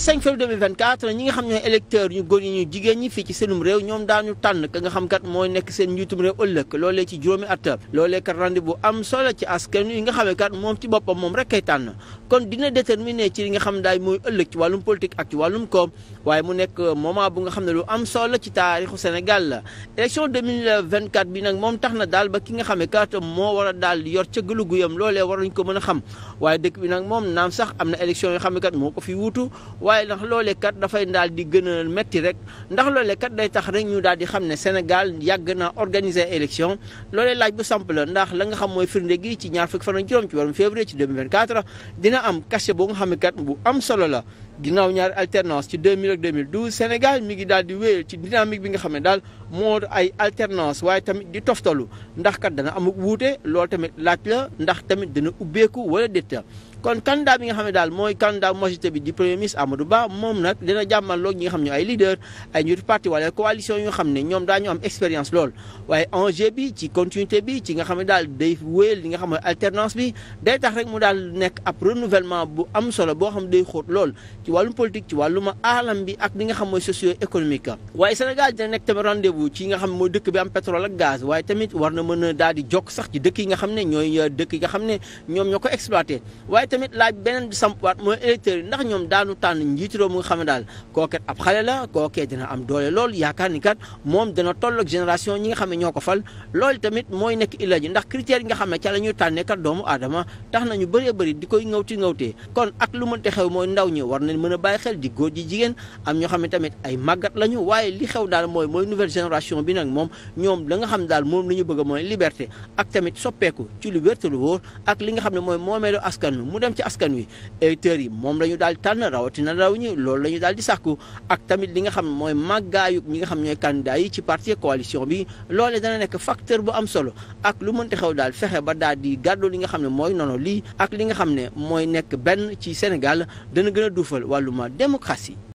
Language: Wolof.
5 février 2024 ñi nga xam ñooy électeurs ñu góor ñu jigéen ñi fii ci seenum réew ñoom daañu tànn ka nga xam kat mooy nekk seen njiitum réew ëllëg loolee ci juróomi at loolee kat rendez-vous bu am solo ci askan yi nga xamee moom ci boppam moom rek kay tànn kon dina déterminer ci li nga xam daay mooy ëllëg ci wàllum politique ak ci wàllum koom waaye mu nekk moment bu nga xam ne lu am solo ci taarixu Sénégal la élection 2024 bi nag moom tax na daal ba ki nga xamee kat moo war a daal yor ca gëlugu yam loolee waruñ ko mën a xam waaye dëkk bi nag moom naam sax am na élection yoo xam ne kat moo ko waaye ndax loolee kat dafay daal di gën a métti rek ndax loolee day tax rek ñu daal di xam ne Sénégal yàgg naa organiser élection loolee laaj bu samp la ndax la nga xam mooy firnde gi ci ñaar fukki fan ak juróom ci warum février ci 2024 dina am cachet boo nga xam ne kat bu am solo la ginnaaw ñaar alternance ci 2000 ak 2012 Sénégal mi ngi daal di wéyal ci dynamique bi nga xam ne daal moo ay alternance waaye tamit di toftalu ndax kat dana amuk wuute loolu tamit laaj la ndax tamit dana ubbeeku wala déet kon candidat bi nga xam ne daal mooy candidat majorité bi di premier ministre Amadou Ba moom nag dina jàmmaloo ñi nga xam ne ay leader ay parti wala coalition yoo xam ne ñoom daañu am expérience lool waaye enjeu bi ci continuité bi ci nga xam ne daal day wéyal li nga xam ne alternance bi day tax rek mu daal nekk ab renouvellement bu am solo boo xam ne day xóot lool ci wàllum politique ci wàllum alam bi ak li nga xam mooy socio économique waaye Sénégal dina nekk nga xam mooy dëkk bi am pétrole ak waaye tamit war na mën a daal di jokk sax ci dëkk yi nga xam ne ñooy dëkk yi nga xam ne ñoom ñoo ko exploité waaye tamit laaj beneen bi sampwaat mooy électeurs yi ndax ñoom daanu tànn njiitu réew mu nga xam ne daal kooket ab xale la kookee dina am doole lool yaakaar ni kat moom dana toll génération ñi nga xam ne ñoo ko fal loolu tamit mooy nekk illa ndax critères yi nga xam ne ca la ñuy doomu aadama tax nañu bëree bëri di koy ŋawti ŋawtee kon ak lu mënte xew mooy ndaw ñi war nañ mën a bàyyi xel di góor ji jigéen am ñoo xam ne tamit ay màggat lañu waaye li xew daal mooy mooy nouvelle génération bi nag moom ñoom la nga xam daal moom la ñu bëgg mooy liberté ak tamit soppeeku ci lu wérte lu wóor ak li nga xam ne mooy moomeelu askan mi dem ci askan wi électeurs yi moom la ñu daal tànn rawatina raw ñi loolu la ñu daal di sàkku ak tamit li nga xam mooy màggaayu ñi nga xam ñooy candidat yi ci parti coalition bi loolee dana nekk facteur bu am solo ak lu mënti xew daal fexe ba daal di gàddu li nga xam ne mooy nono lii ak li nga xam ne mooy nekk benn ci Sénégal dana gën a duufal wàlluma démocratie